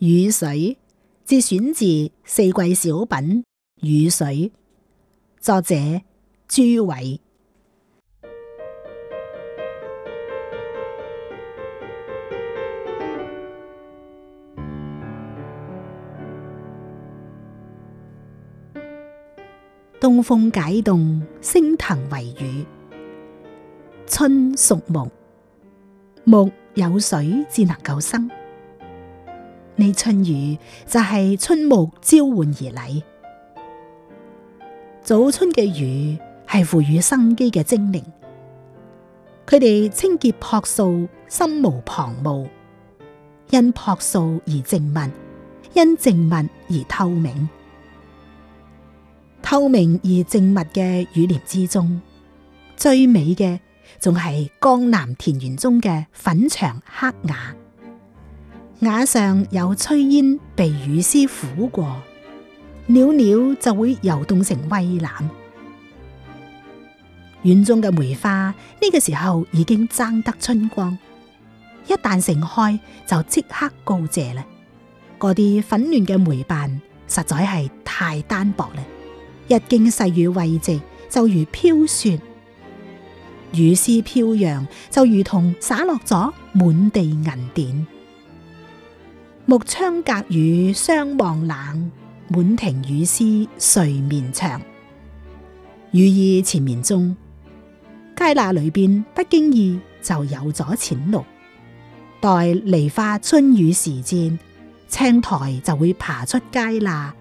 雨水，節選自《四季小品》，雨水，作者朱偉。東風解凍，升騰為雨。春屬木，木有水，才能夠生。呢春雨就係春木召喚而嚟，早春嘅雨係賦予生機嘅精靈，佢哋清潔樸素，心無旁騖，因樸素而靜默，因靜默而透明，透明而靜默嘅雨簾之中，最美嘅仲係江南田園中嘅粉牆黑瓦。瓦上有炊煙被雨絲撫過，裊裊就會游動成蔚藍。院中嘅梅花呢個時候已經爭得春光，一旦盛開就即刻告謝啦。嗰啲粉嫩嘅梅瓣實在係太單薄啦，日經細雨慰藉，就如飄雪；雨絲飄揚，就如同灑落咗滿地銀點。木窗隔雨相望冷，滿庭雨絲睡眠長。雨意纏綿中，街罅裏邊不經意就有咗淺綠。待梨花春雨時節，青苔就會爬出街罅，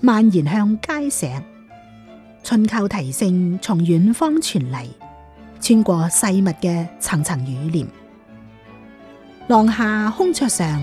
蔓延向街石。春叩啼聲從遠方傳嚟，穿過細密嘅層層雨簾，廊下空桌上。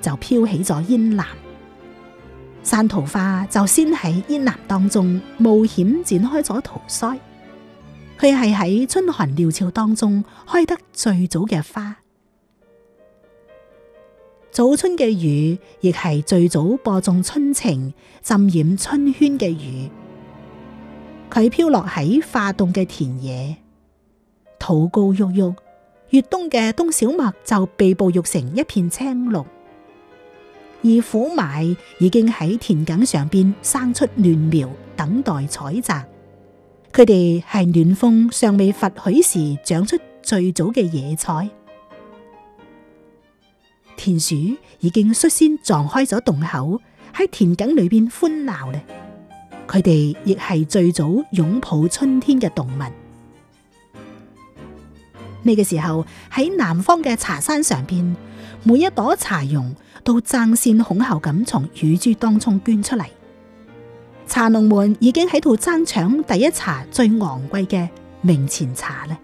就飄起咗煙嵐，山桃花就先喺煙嵐當中冒險展開咗桃腮。佢係喺春寒料峭當中開得最早嘅花。早春嘅雨，亦係最早播種春情、浸染春圈嘅雨。佢飄落喺化凍嘅田野，土高鬱鬱，越冬嘅冬小麥就被哺育成一片青綠。.而苦蕒已經喺田埂上邊生出嫩苗，等待採摘。佢哋係暖風尚未發許時長出最早嘅野菜。田鼠已經率先撞開咗洞口，喺田埂裏邊歡鬧咧。佢哋亦係最早擁抱春天嘅動物。呢個時候喺南方嘅茶山上邊。每一朵茶茸都爭先恐後咁從乳珠當中捐出嚟，茶農們已經喺度爭搶第一茬最昂貴嘅明前茶咧。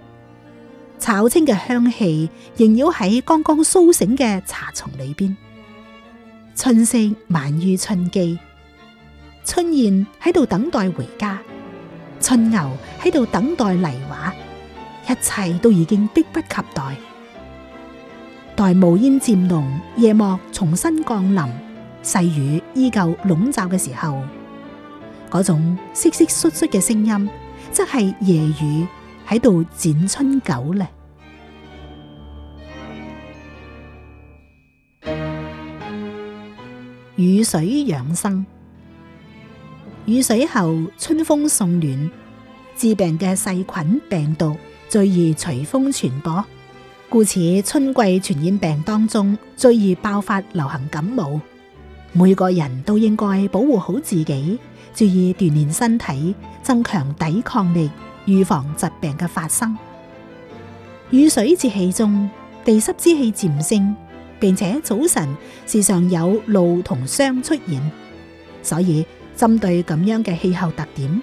炒青嘅香氣縈繞喺剛剛蘇醒嘅茶叢裏邊，春色晚於春機，春燕喺度等待回家，春牛喺度等待犁鏵，一切都已經迫不及待。在霧煙漸濃、夜幕重新降臨、細雨依舊籠罩嘅時候，嗰種淅淅簌簌嘅聲音，則係夜雨喺度剪春韭咧。雨水養生，雨水後春風送暖，致病嘅細菌病毒最易隨風傳播。故此，春季傳染病當中最易爆發流行感冒，每個人都應該保護好自己，注意鍛煉身體，增強抵抗力，預防疾病嘅發生。雨水節氣中，地濕之氣漸升，並且早晨時常有露同霜出現，所以針對咁樣嘅氣候特點。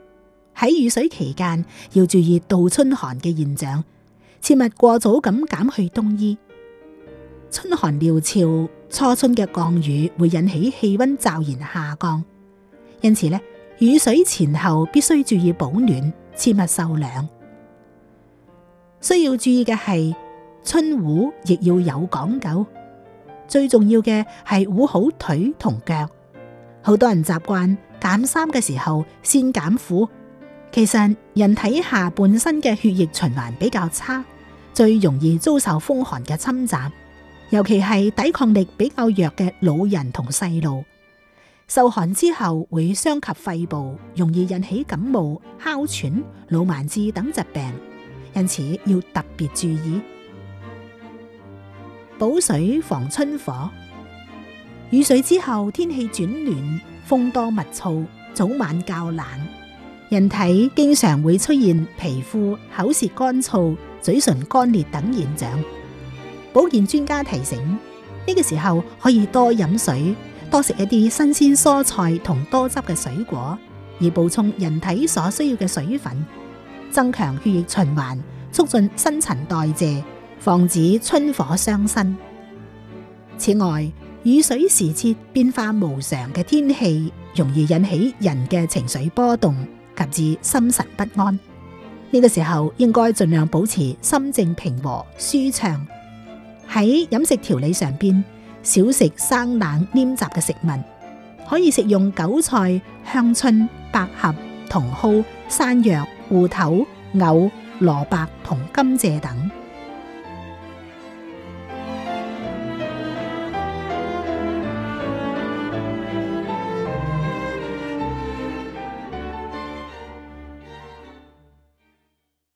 喺雨水期間要注意倒春寒嘅現象，切勿過早咁減去冬衣。春寒料峭，初春嘅降雨會引起氣溫驟然下降，因此呢，雨水前後必須注意保暖，切勿受涼。需要注意嘅係春捂，亦要有講究。最重要嘅係捂好腿同腳。好多人習慣減衫嘅時候先減褲。其實人體下半身嘅血液循環比較差，最容易遭受風寒嘅侵襲，尤其係抵抗力比較弱嘅老人同細路，受寒之後會傷及肺部，容易引起感冒、哮喘、腦膜炎等疾病，因此要特別注意。補水防春火，雨水之後天氣轉暖，風多物燥，早晚較冷。人體經常會出現皮膚、口舌乾燥、嘴唇乾裂等現象。保健專家提醒，呢個時候可以多飲水，多食一啲新鮮蔬菜同多汁嘅水果，以補充人體所需要嘅水分，增強血液循環，促進新陳代謝，防止春火傷身。此外，雨水時節變化無常嘅天氣，容易引起人嘅情緒波動。及至心神不安，呢個時候應該盡量保持心靜平和、舒暢。喺飲食調理上邊，少食生冷黏雜嘅食物，可以食用韭菜、香椿、百合、茼蒿、山藥、芋頭、藕、蘿蔔同甘蔗等。